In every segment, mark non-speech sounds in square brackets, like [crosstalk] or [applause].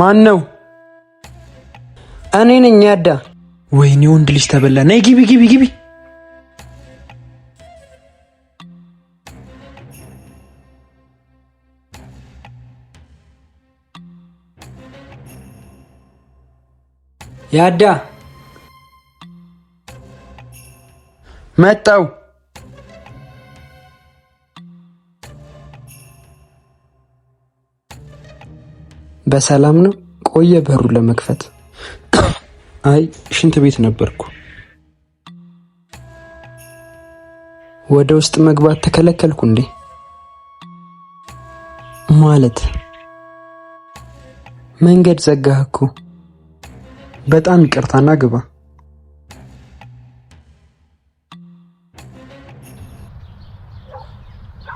ማን ነው? እኔ ነኝ ያዳ። ወይኔ ወንድ ልጅ ተበላ። ነይ ግቢ፣ ግቢ፣ ግቢ። ያዳ መጣው በሰላም ነው? ቆየ በሩ ለመክፈት። አይ ሽንት ቤት ነበርኩ። ወደ ውስጥ መግባት ተከለከልኩ እንዴ? ማለት መንገድ ዘጋህ እኮ። በጣም ይቅርታና ግባ።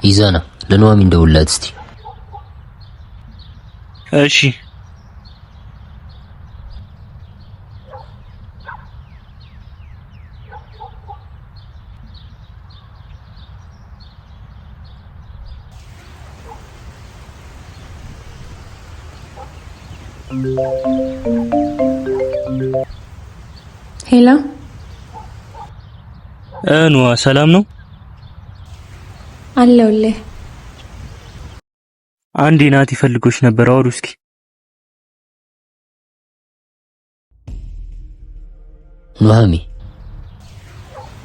ይዛና ለኑሃሚን ደውልላት እስቲ اشي هلا انوا سلام نو الله الله አንድ ናቲ ፈልጎሽ ነበር፣ አውሩ እስኪ። ማሚ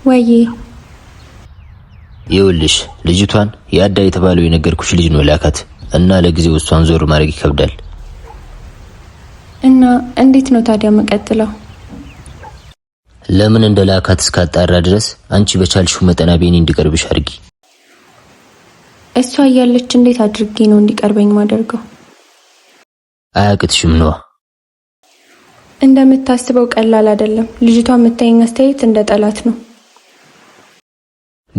ወይ ይኸውልሽ ልጅቷን የአዳ የተባለው የነገርኩሽ ልጅ ነው ላካት እና ለጊዜው እሷን ዞር ማድረግ ይከብዳል። እና እንዴት ነው ታዲያ መቀጥለው? ለምን እንደ ላካት እስካጣራ ድረስ አንቺ በቻልሽው መጠና ቤኒ እንዲቀርብሽ አድርጊ። እሷ እያለች እንዴት አድርጌ ነው እንዲቀርበኝ ማደርገው? አያቅትሽም ነዋ። እንደምታስበው ቀላል አይደለም። ልጅቷ የምታየኝ አስተያየት እንደ ጠላት ነው።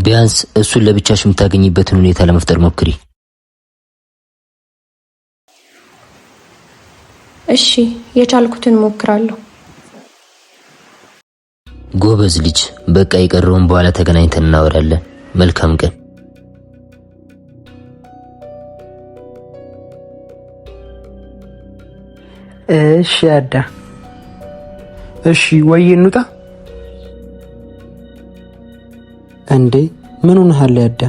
ቢያንስ እሱን ለብቻሽ የምታገኝበትን ሁኔታ ለመፍጠር ሞክሪ። እሺ፣ የቻልኩትን ሞክራለሁ። ጎበዝ ልጅ። በቃ የቀረውን በኋላ ተገናኝተን እናወራለን። መልካም ቀን። እሺ አዳ እሺ ወይ እንውጣ እንዴ ምን ሆነሃል አዳ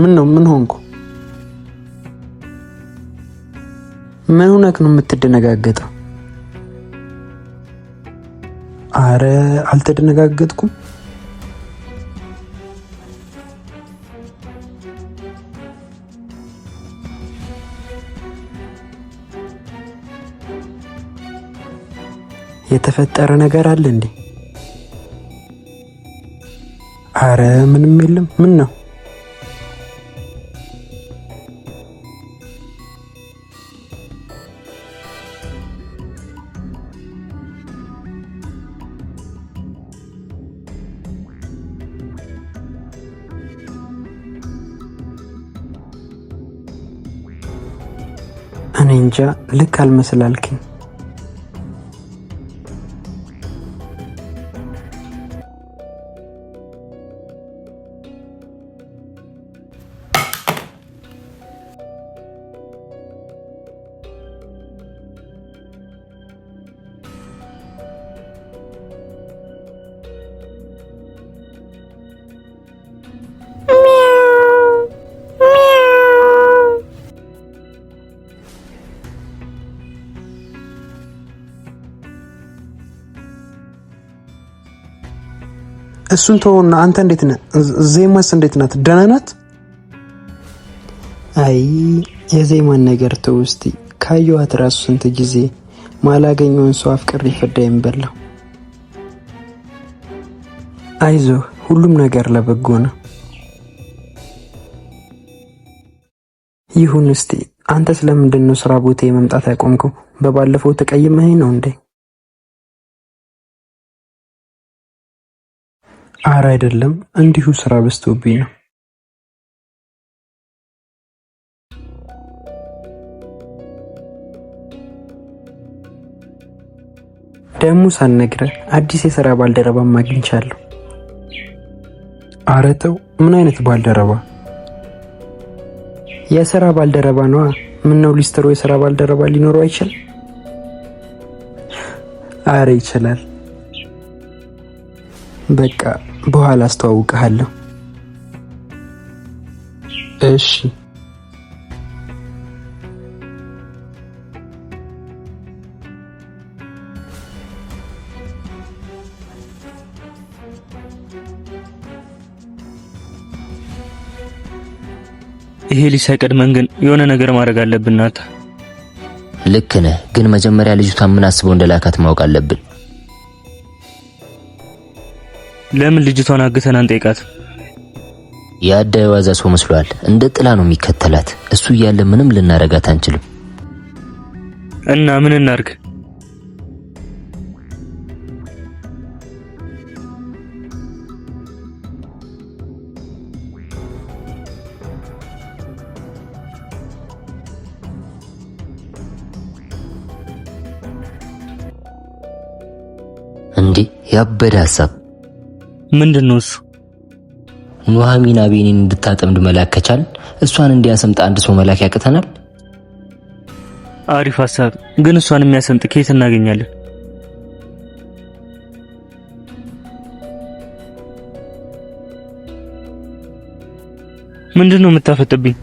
ምን ነው ምን ሆንኩ ምን ሆነክ ነው የምትደነጋገጠው አረ አልተደነጋገጥኩም የተፈጠረ ነገር አለ እንዴ? አረ ምንም የለም። ምን ነው እኔ እንጃ ልክ አልመስላልክኝ። እሱን ተወውና አንተ እንዴት ነህ? ዜማስ እንዴት ናት? ደህና ናት? አይ የዜማን ነገር ተው እስቲ። ካየኋት ራሱ ስንት ጊዜ ማላገኘውን ሰው አፍቅር ይፈዳ በላሁ። አይዞ ሁሉም ነገር ለበጎ ነው። ይሁን እስቲ አንተ ስለምንድን ነው ስራ ቦታ የመምጣት ያቆምከው? በባለፈው ተቀይመኸኝ ነው እንዴ? አረ አይደለም እንዲሁ ስራ በዝቶብኝ ነው ደሙ ሳነግረ አዲስ የስራ ባልደረባ አግኝቻለሁ። ኧረ ተው! ምን አይነት ባልደረባ? የስራ ባልደረባ ነዋ። ነው ሊስትሮ የስራ ባልደረባ ሊኖረው አይችል? አረ ይችላል። በቃ በኋላ አስተዋውቀሃለሁ። እሺ። ይሄ ልጅ ሳይቀድመን ግን የሆነ ነገር ማድረግ አለብን ናታ። ልክ ነህ፣ ግን መጀመሪያ ልጅቷን ምን አስበው እንደላካት ማወቅ አለብን። ለምን ልጅቷን አግተን አንጠይቃት? የአዳዩ ዋዛ ሰው መስሏል። እንደ ጥላ ነው የሚከተላት። እሱ እያለ ምንም ልናረጋት አንችልም። እና ምን እናርግ? እንዴ ያበደ ሀሳብ ምንድን ነው እሱ? ኑሐሚን አቤኔን እንድታጠምድ መላክ ከቻል እሷን እንዲያሰምጥ አንድ ሰው መላክ ያቅተናል። አሪፍ ሀሳብ ግን እሷን የሚያሰምጥ ከየት እናገኛለን? ምንድን ነው የምታፈጥብኝ?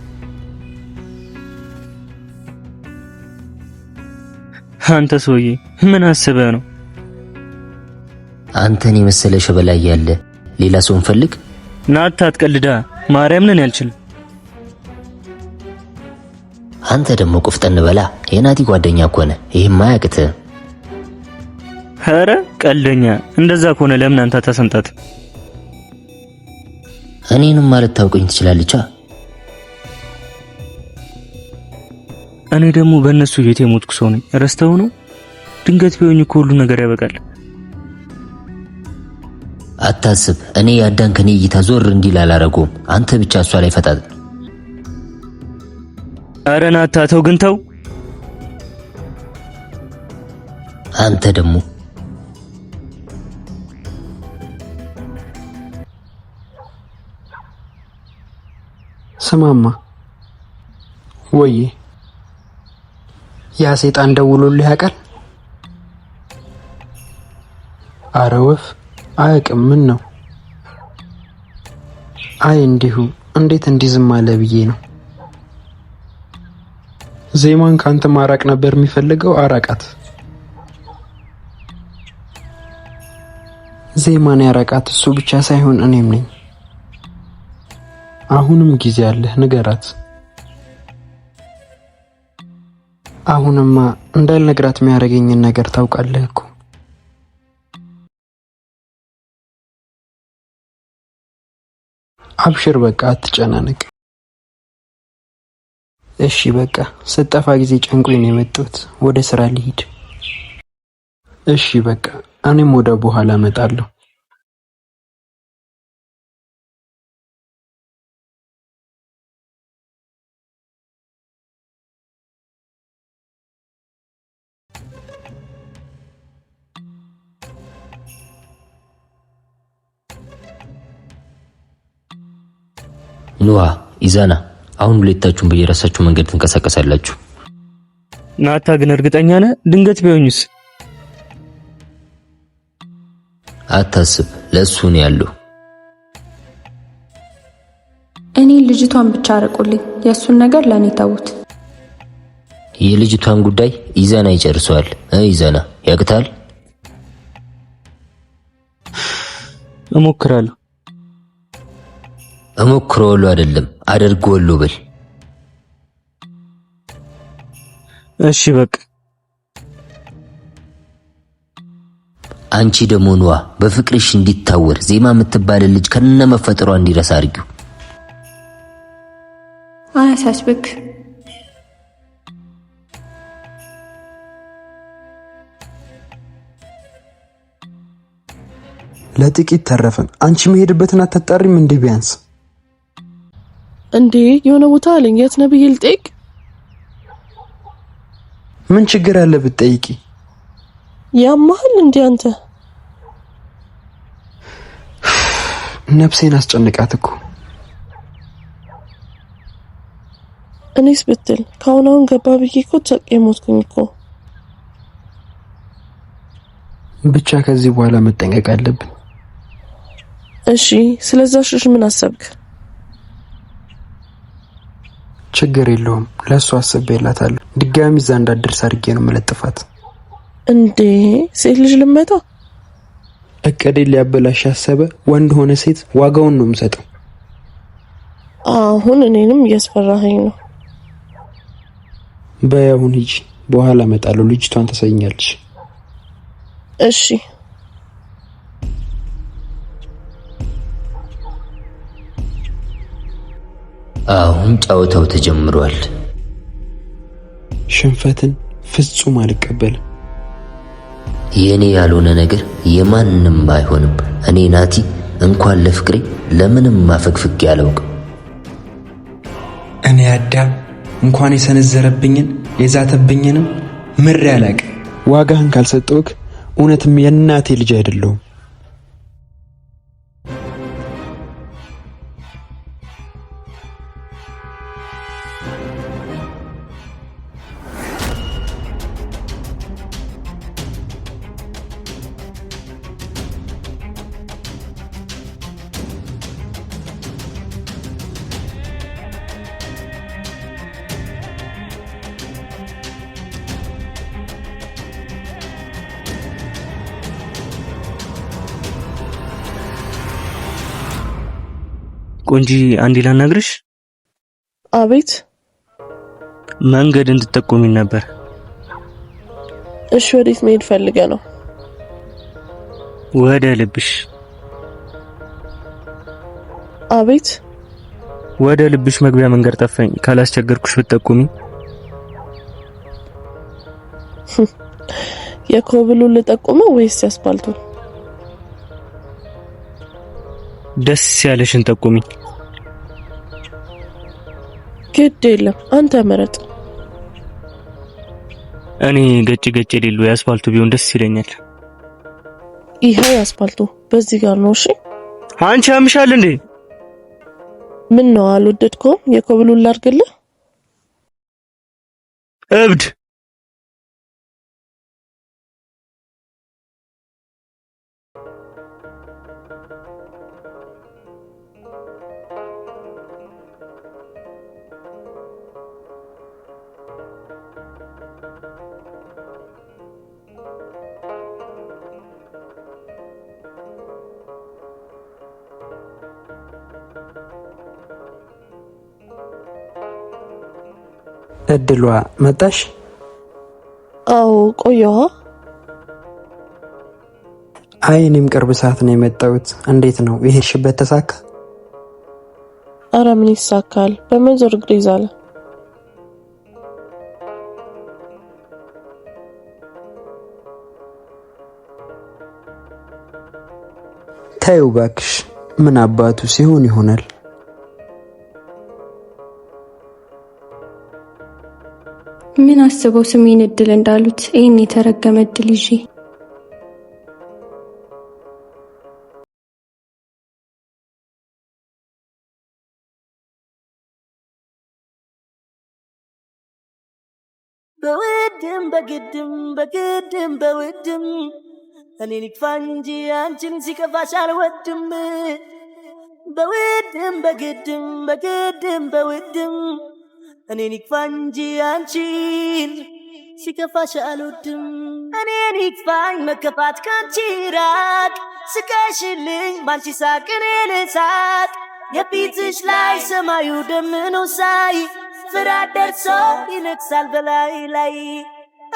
አንተ ሰውዬ ምን አስበህ ነው? አንተን የመሰለ ሸበላ ያለ ሌላ ሰው እንፈልግ። ናታ አትቀልዳ፣ ማርያምን አልችልም። አንተ ደግሞ ቁፍጠን በላ፣ የናቲ ጓደኛ እኮ ይህም ይሄማ አያቅትህ። ኧረ ቀልደኛ፣ እንደዛ ከሆነ ለምን አንተ ተሰንጣት? እኔንም ማለት ታውቀኝ ትችላለቻ። እኔ ደግሞ በእነሱ ቤት የሞትኩ ሰው ነኝ። ረስተው ነው ድንገት ቢሆን እኮ ሁሉ ነገር ያበቃል። አታስብ። እኔ ያዳን ከኔ እይታ ዞር እንዲል አላረገውም። አንተ ብቻ እሷ ላይ ፈጣጥ። ኧረ ናታ ተው ግን ተው። አንተ ደግሞ ስማማ ወይ ያ ሰይጣን ደውሎልህ ያውቃል? አረ ወፍ አያውቅም። ምን ነው? አይ እንዲሁ። እንዴት እንዲህ ዝም አለ ብዬ ነው። ዜማን ካንተ ማራቅ ነበር የሚፈልገው፣ አራቃት። ዜማን ያራቃት እሱ ብቻ ሳይሆን እኔም ነኝ። አሁንም ጊዜ አለህ፣ ንገራት። አሁንማ እንዳልነግራት የሚያደርገኝን ነገር ታውቃለህ እኮ። አብሽር በቃ አትጨናነቅ። እሺ በቃ ስጠፋ ጊዜ ጨንቆኝ ነው የመጣሁት። ወደ ስራ ልሂድ። እሺ በቃ እኔም ወደ በኋላ እመጣለሁ። ኑዋ ኢዛና፣ አሁን ሁለታችሁም በየራሳችሁ መንገድ ትንቀሳቀሳላችሁ። ናታ ግን እርግጠኛ ነህ? ድንገት ቢሆንስ? አታስብ፣ ለእሱ ነው እኔ ልጅቷን ብቻ አርቁልኝ፣ የእሱን ነገር ለእኔ ተዉት። የልጅቷን ጉዳይ ኢዛና ይጨርሰዋል። ኢዛና ያቅታል። እሞክራለሁ ወሎ አይደለም ወሎ ብል እሺ በቃ አንቺ ደሞ ነዋ በፍቅርሽ እንዲታወር ዜማ የምትባል ልጅ ከነ መፈጠሯ እንዲረሳ አድርጊው። አያሳስብክ። ለጥቂት ተረፈን አንቺ መሄድበትን አታጣሪም እንዲህ ቢያንስ እንዴ የሆነ ቦታ አለኝ። የት ነው ብዬ ልጠይቅ? ምን ችግር አለ ብትጠይቂ? ያማል እንዴ አንተ? ነፍሴን አስጨንቃት እኮ እኔስ ብትል ካሁን አሁን ገባ ብዬ እኮ ተቀየምኩኝ እኮ። ብቻ ከዚህ በኋላ መጠንቀቅ አለብን። እሺ፣ ስለዛ ሽሽ ምን አሰብክ? ችግር የለውም ለእሱ አስቤላታለሁ። ድጋሚ እዛ እንዳትደርስ አድርጌ ነው መለጥፋት። እንዴ ሴት ልጅ ልመታ እቅዴ ሊያበላሽ ያሰበ ወንድ ሆነ ሴት ዋጋውን ነው የምሰጠው። አሁን እኔንም እያስፈራኸኝ ነው። በያሁን ሂጂ፣ በኋላ እመጣለሁ። ልጅቷን ተሰኛለች። እሺ አሁን ጨዋታው ተጀምሯል። ሽንፈትን ፍጹም አልቀበልም። የእኔ ያልሆነ ነገር የማንም አይሆንም። እኔ ናቲ እንኳን ለፍቅሬ ለምንም ማፈግፍግ አላውቅም። እኔ አዳም እንኳን የሰነዘረብኝን የዛተብኝንም ምሬ አላውቅም። ዋጋህን ካልሰጠውክ እውነትም የእናቴ ልጅ አይደለሁም። ቆንጂ አንዴ ላናግርሽ። አቤት። መንገድ እንድጠቁሚኝ ነበር። እሺ፣ ወዴት መሄድ ፈልገ ነው? ወደ ልብሽ። አቤት። ወደ ልብሽ መግቢያ መንገድ ጠፋኝ። ካላስቸገርኩሽ ብትጠቁሚኝ። የኮብሉን ልጠቁመው ወይስ ያስፓልቱን? ደስ ያለሽን ጠቁሚ ግድ የለም አንተ መረጥ እኔ ገጭ ገጭ የሌለው የአስፋልቱ ቢሆን ደስ ይለኛል። ይሄ የአስፋልቱ በዚህ ጋር ነው። እሺ አንቺ አምሻል እንዴ? ምን ነው አልወደድከውም? የኮብሉን ላድርግልህ? እብድ እድሏ መጣሽ? አዎ ቆየዋ አይ እኔም ቅርብ ሰዓት ነው የመጣሁት። እንዴት ነው የሄድሽበት? ተሳካ? አረ ምን ይሳካል? በመዞር ግሬዝ አለ። ታዩ ባክሽ ምን አባቱ ሲሆን ይሆናል ምን አስበው ስሜን እድል እንዳሉት ይህን የተረገመ እድል ይዤ በውድም በግድም በግድም በውድም እኔ ይክፋ እንጂ አንቺን ሲከፋሽ አልወድም። በውድም በግድም በግድም በውድም እኔን ይክፋኝ እንጂ አንቺን ሲከፋሽ አልወድም። እኔን ይክፋኝ መከፋት ካንቺ ራቅ ስቀሽልኝ ባንቺ ሳቅ እኔ ልሳቅ የፊትሽ ላይ ሰማዩ ደምኖ ሳይ ፍርሃት ደርሶ ይነግሳል በላይ ላይ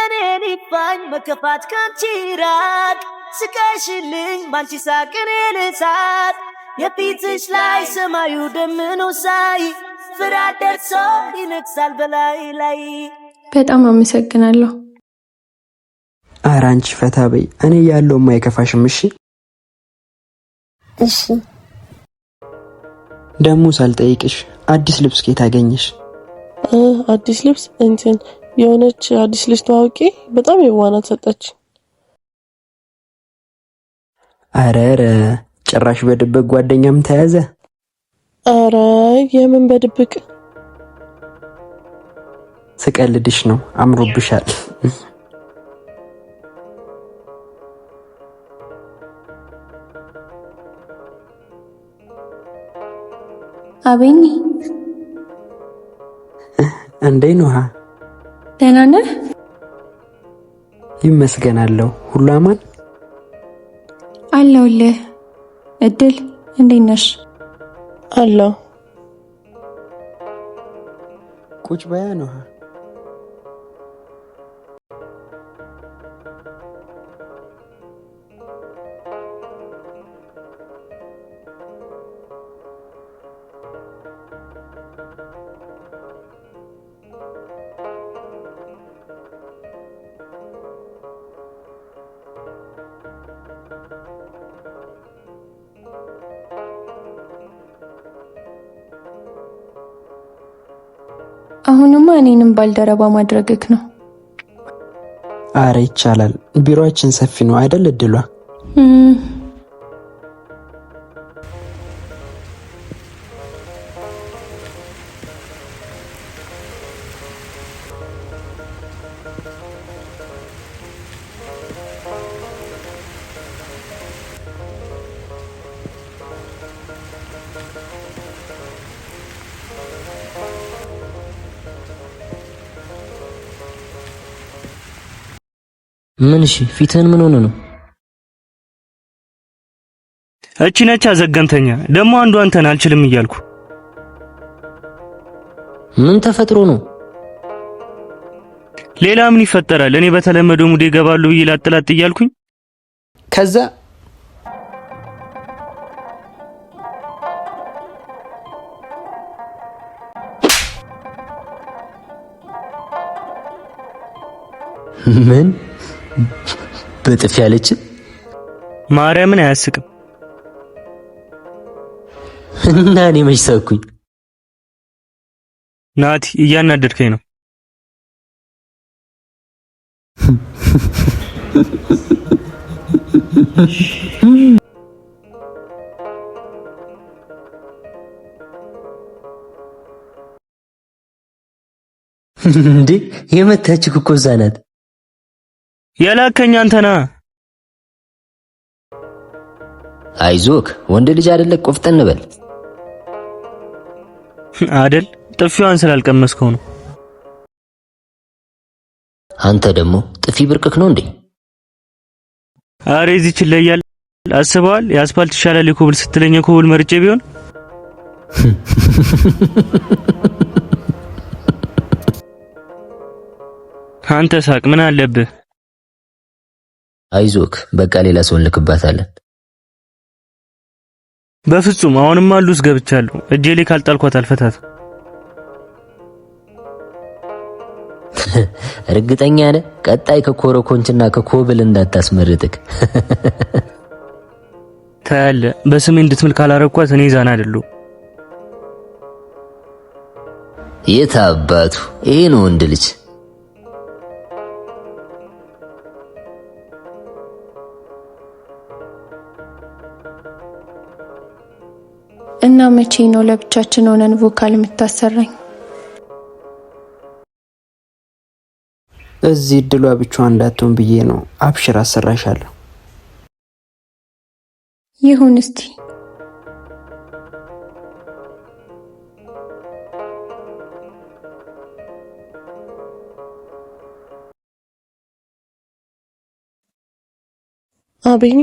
እኔን ይክፋኝ መከፋት ካንቺ ራቅ ስቀሽልኝ ባንቺ ሳቅ እኔ ልሳቅ የፊትሽ ላይ ሰማዩ ደምኖ ሳይ ፍራ ደርሶ ይነግሳል በላይ ላይ። በጣም አመሰግናለሁ። ኧረ አንቺ ፈታ በይ፣ እኔ ያለው አይከፋሽም። እሺ እሺ። ደግሞ ሳልጠይቅሽ አዲስ ልብስ ከየት አገኘሽ? አዲስ ልብስ እንትን የሆነች አዲስ ልጅ ተዋውቄ በጣም የዋናት ሰጠች። አረረ ጭራሽ በድብቅ ጓደኛም ተያዘ። አረ የምን በድብቅ ስቀልድሽ ነው፣ አምሮብሻል። አቤኝ እንዴ ነው ደህና ነህ? ይመስገናለሁ። ሁሉ አማን አለሁልህ። እድል እንዴት ነሽ? हेलो कुछ बयान हो አሁንማ እኔንም ባልደረባ ማድረግክ ነው። አረ ይቻላል። ቢሮአችን ሰፊ ነው አይደል? እድሏ ምን? እሺ፣ ፊትህን ምን ሆነ ነው? እቺ ነች አዘገምተኛ። ደግሞ አንዱ አንተን አልችልም እያልኩ ምን ተፈጥሮ ነው? ሌላ ምን ይፈጠራል? እኔ በተለመደው ሙዴ ገባሉ ብዬ ላጥላጥ እያልኩኝ ከዛ ምን በጥፊ ያለችን ማርያምን አያስቅም እና እኔ መች ሳኩኝ? ናቲ እያናደድከኝ ነው። እንዴ የመታችሁ እኮ እዛ ናት። የላከኝ አንተ አይዞክ ወንድ ልጅ አይደለ ቆፍጠን በል አደል። ጥፊዋን ስላልቀመስከው ነው። አንተ ደግሞ ጥፊ ብርቅክ ነው እንዴ? አሬ እዚህ ይለያል። አስበዋል። የአስፓልት ይሻላል የኮብል ስትለኝ የኮብል መርጬ ቢሆን [laughs] አንተ ሳቅ ምን አለብህ? አይዞክ በቃ ሌላ ሰው እንልክባታለን። በፍጹም አሁንም አሉስ ገብቻለሁ። እጄ ላይ ካልጣልኳት አልፈታት። [laughs] እርግጠኛ ነህ? ቀጣይ ከኮረኮንችና ከኮብል እንዳታስመርጥክ [laughs] ታያለ። በስሜ እንድትምል ካላረኳት እኔ ዛና አይደሉ። የት አባቱ ይሄ ነው ወንድ ልጅ እና መቼ ነው ለብቻችን ሆነን ቮካል የምታሰራኝ? እዚህ እድሏ ብቻዋን እንዳትሆን ብዬ ነው። አብሽር አሰራሻለሁ። ይሁን እስቲ አብይ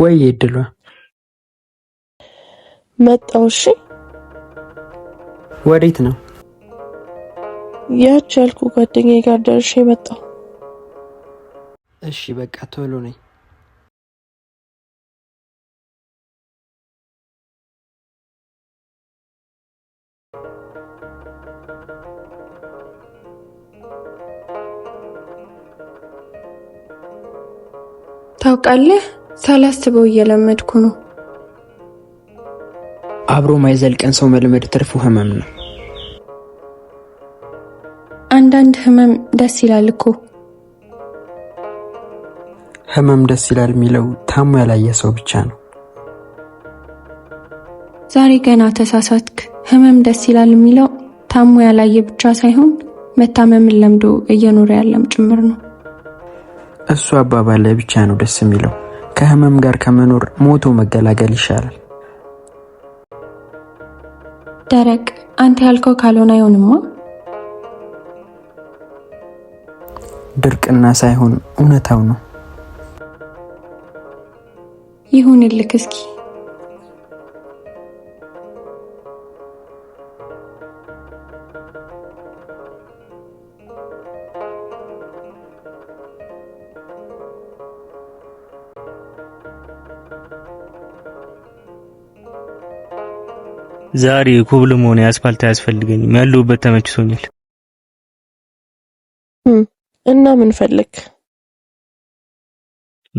ወይ እድሏ መጣው እሺ፣ ወዴት ነው? ያች ያልኩ ጓደኛዬ ጋር ደርሼ መጣው እሺ፣ በቃ ቶሎ ነኝ። ታውቃለህ ሳላስበው እየለመድኩ ነው። አብሮ ማይዘልቀን ሰው መልመድ ትርፉ ህመም ነው። አንዳንድ ህመም ደስ ይላል እኮ። ህመም ደስ ይላል የሚለው ታሞ ያላየ ሰው ብቻ ነው። ዛሬ ገና ተሳሳትክ። ህመም ደስ ይላል የሚለው ታሞ ያላየ ብቻ ሳይሆን መታመምን ለምዶ እየኖረ ያለም ጭምር ነው። እሱ አባባል ላይ ብቻ ነው ደስ የሚለው። ከህመም ጋር ከመኖር ሞቶ መገላገል ይሻላል። ደረቅ፣ አንተ ያልከው ካልሆነ አይሆንማ። ድርቅና ሳይሆን እውነታው ነው። ይሁንልክ እስኪ ዛሬ ኩብል ሆነ አስፋልት አያስፈልገኝም። ያለሁበት ተመችቶኛል። እና ምን ፈለግ?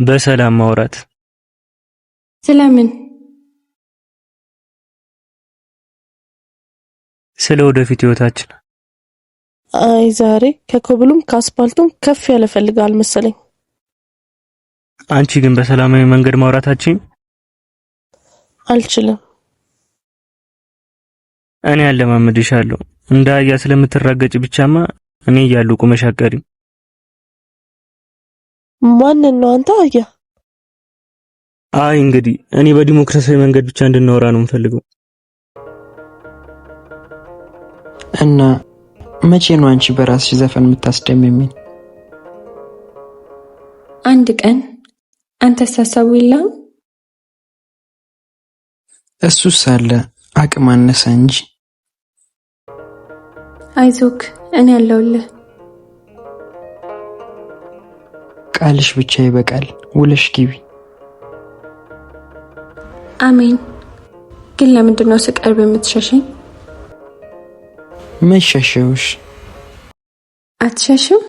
በሰላም ማውራት። ስለምን? ስለ ወደፊት ህይወታችን። አይ ዛሬ ከኮብሉም ከአስፋልቱም ከፍ ያለ ፈልጋል መሰለኝ። አንቺ ግን በሰላማዊ መንገድ ማውራታችን አልችልም። እኔ አለማመድሻለሁ። እንደ አያ ስለምትራገጭ ብቻማ እኔ እያለሁ ቁመሽ አትቀሪም። ነው አንተ አያ? አይ እንግዲህ እኔ በዲሞክራሲያዊ መንገድ ብቻ እንድናወራ ነው የምፈልገው። እና መቼ ነው አንቺ በራስሽ ዘፈን የምታስደምሚኝ? አንድ ቀን አንተ ሀሳቡ የለህም? እሱስ አለ አቅም አነሰ እንጂ። አይዞክ፣ እኔ ያለውልህ። ቃልሽ ብቻ ይበቃል። ውለሽ ግቢ። አሜን። ግን ለምንድን ነው ስቀርብ የምትሸሸኝ? ምን ሸሸውሽ? አትሸሽም።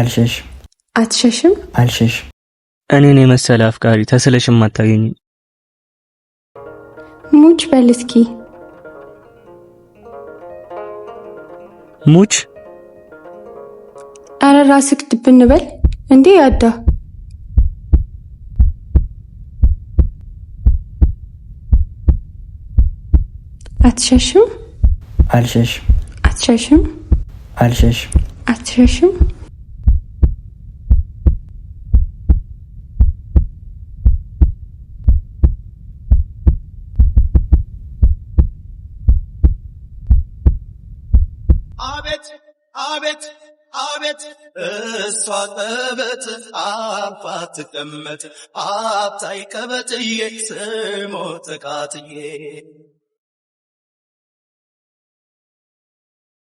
አልሸሽም። አትሸሽም። አልሸሽም። እኔን የመሰለ አፍቃሪ ተስለሽም አታገኝም። ሙች በል እስኪ። ሙች አረ ራስክ ድብን በል እንዴ ያዳ አትሸሽም አልሸሽም አትሸሽም አልሸሽም አትሸሽም በእሷ ቀበት አባ ትቀመጥ አብታይ ቀበጥዬ ስሞ ተቃትዬ